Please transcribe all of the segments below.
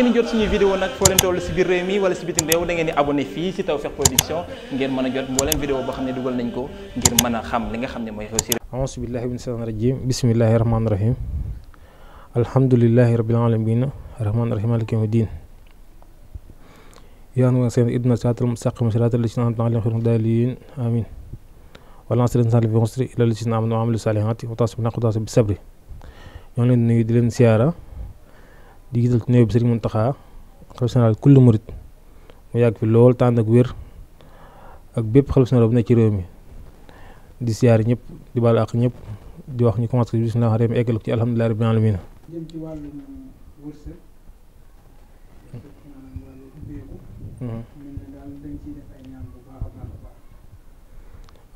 ngeen di jot suñuy vidéo nag foo leen toll si biir réew mi wala si bitim réew da ngeen di fii si Tawfekh Production ngeen mën a jot mbooleem xam ne li nga xam ne mooy xew si réew auzu billahi min shaytaan rajim bismillahi rahmaani rahim alhamdulillahi rabbil alamin rahmaani rahim maliki yawmi din yaa ngi seen ibna siraatal mustaqiim siraatal laziina an'amta alayhim ghayril maghduubi alayhim amiin wala sëriñ Sall bi mosri ila laziina sabri ñoo leen nuyu di leen siyaara di gisal ci néew bi Serigne Mountakha xalifa général kullu murit mu yàgg fi lool tànn ak wér ak bépp xalifa général bu nekk ci réew mi di siyaar ñëpp di baal ak di wax ñu commencé ko bismillah rahmaan eggal ko ci alhamdulilah rabbil alamin mhm. waaw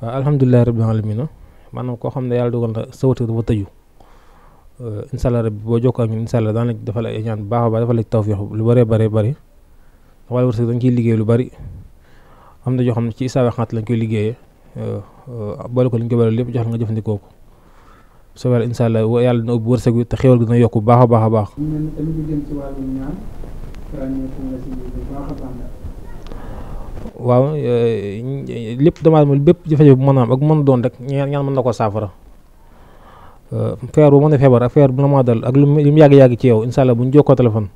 alhamdulilah koo xam ne yàlla dogal na sa wërsëg tëju Euh, incha allah boo jokkoo ak ñun incha allah daan lañ defal ay ñaan bu baax a baax defal la lu bëree bëree bëri ndax wàllu wërsëg dañ ciy liggéey lu bëri am na joo xam ne ci isaawe xaat lañ koy liggéeyee euh, euh, boole ko li lépp jox nga jëfandikoo ko su fekkee incha allah yàlla dina ubbi wërsëg bi te xéwal dina yokk bu baax baax a baax. waaw lépp damaa moom bépp jafe-jafe bu mën a am ak mën doon rek ñaan mën na ko saafara. Euh, feer bu mën a feebar ak feebar bu na maa dal ak lu mu yàgg-yàgg ci yow incha bu ñu jokkoo téléphone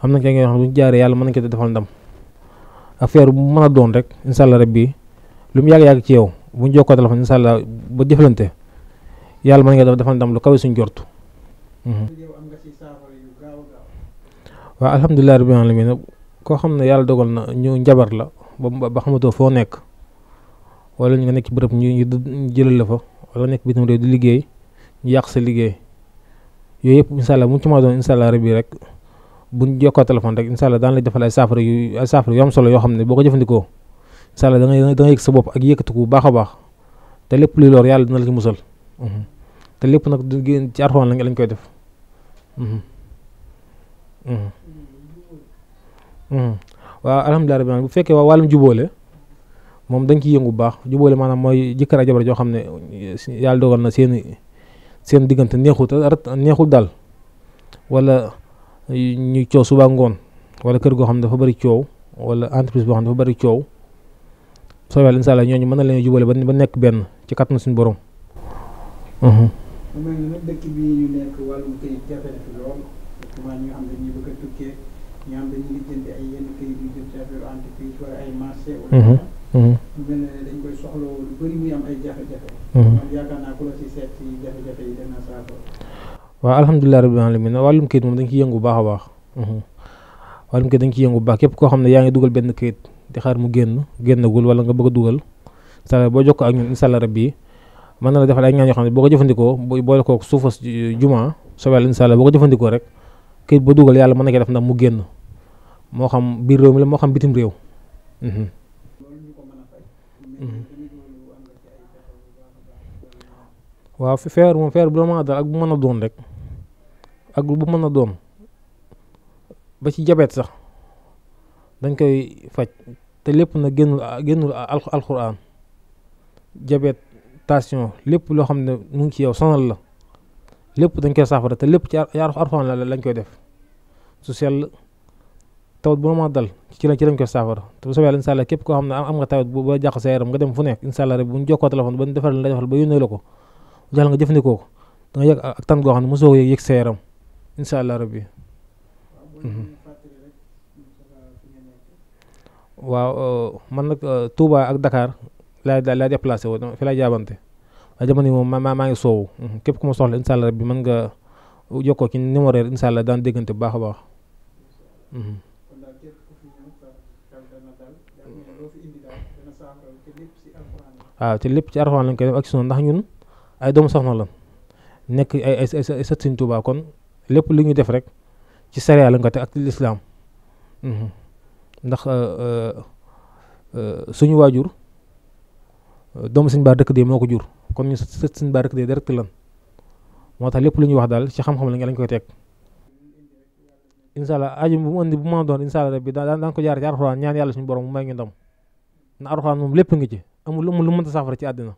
am na kenn yoo xam ne bu ñu jaaree yàlla mën nañu ko defal ndam bu mën a doon lu mu yàgg-yàgg ci yow bu ñu jokkoo ba jëflante yàlla mën nga defal ndam lu kawe suñu jortu. Mhm. waaw alhamdulilah rabbil koo xam ne yàlla dogal na ñu njabar la ba ba xamatoo foo nekk wala ñu nga nekk ci bërëb ñu jëlal la fa wala nekk bitim réew di liggéey. yàq sa liggéey yooyu yëpp incha allah mu ci ma doon incha allah rabbi rek buñ jokkoo téléphone rek incha allah daan defal ay saafara yu solo yoo xam ne boo ko jëfandikoo incha allah da ngay da ngay yëg sa bopp ak yëkkatiku bu baax a baax te lépp luy yàlla dina la ci musal mhm. te lépp nag du génn ci arxoon lañ koy def. Mhm. Mhm. waaw alhamdulilah rabbi bu fekkee waa wàllum jubóole moom dañ ciy yëngu bu baax jubóole maanaam mooy jëkkër a jabar joo xam ne yàlla dogal na seeni seen diggante neexut rat neexul daal walla ñu coow suba ngoon wala kër goo xam ne dafa bari coow wala entreprise boo xam ne dafa bari coow soo yàlla incha allah ñooñu mën na leen jubale ba nekk benn ci kàttanu suñu borom. Mhm. mel na nag dëkk bi mu mel ne dañ koy soxla lu mhm. la si seet si wàllum kayit moom dañ ciy yëngu bu baax a baax. Mhm. wàllum kayit dañ ci yëngu bu baax képp koo xam ne yaa ngi dugal benn kayit di xaar mu génn génnagul wala nga bëgg a dugal saa boo jokkoo ak ñun incha allah mën na la defal ay ñaan yoo xam ne boo ko jëfandikoo boo boole kook suufas juma sobeel incha allah boo ko jëfandikoo rek kayit boo dugal yàlla mën na koy def ndax mu génn moo xam biir réew mi la moo xam bitim réew mhm. Mhm. waaw feebar moom feebar bu la mën a dal ak bu mën a doon rek ak bu mën a doom ba ci jabet sax dañ koy faj te lépp na génnul génnul alxuraan jabet tension lépp loo xam ne mu ngi ci yow sonal la lépp dañ koy saafara te lépp ci alxuraan la lañ koy def su sell tawat bu ma dal ci la ci lañ ko saafara te bu soobee yàlla incha allah képp koo xam ne am nga tawat bu ba jàq sa yaram nga dem fu nekk incha allah rek bu ñu jokkoo téléphone ba ñu defaral la defal ba yónnee la ko jàll nga jëfandikoo ko da nga yëg ak tan goo xam ne mosoo yëg sa yaram incha allah rabbi mhm. waaw euh, man nag euh, Touba ak Dakar laa laa déplacé wu fi laa jaabante waaye jamono yi moom maa maa ngi soowu mhm. képp ku ma soxla incha allah rabbi mën nga jokkoo ci numéro yi incha allah daan déggante bu baax a baax mhm. waaw te lépp ci arxuraan lañ koy def ak ndax ñun ay doomu soxna lan nekk ay ay kon lépp li ñu def rek ci sariya lañ ko teg mhm. euh, euh, euh, suñu waajur doomu Sëriñ Bara dëkk dee moo ko jur kon ñu sët Sëriñ Bara dëkk dee direct lan moo tax lépp lu ñuy wax daal ci xam-xam lañ koy teg incha allah aju bu mu andi bu ma doon incha allah rabbi daan daan ko jaar ci arxuraan ñaan yàlla suñu borom mu may ñu ndam na arxuraan moom lépp ngi ci amul lu mënta saafara ci àddina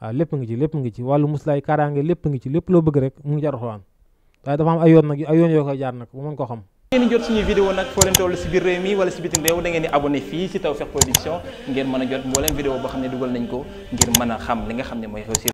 waaw lépp ngi ci lépp ngi ci wàllu muslaay kaaraange lépp ngi ci lépp loo bëgg rek mu ngi ci waaye dafa am ay yoon yoo koy jaar nag bu mën koo xam ngeen jot suñu vidéo nag foo leen toll si biir réew mi wala si bitim réew da ngeen di fii si Tawfekh Production ngeen mën a jot mbooleem vidéo boo xam ne dugal nañ ko ngir mën a xam li nga xam ne mooy réussir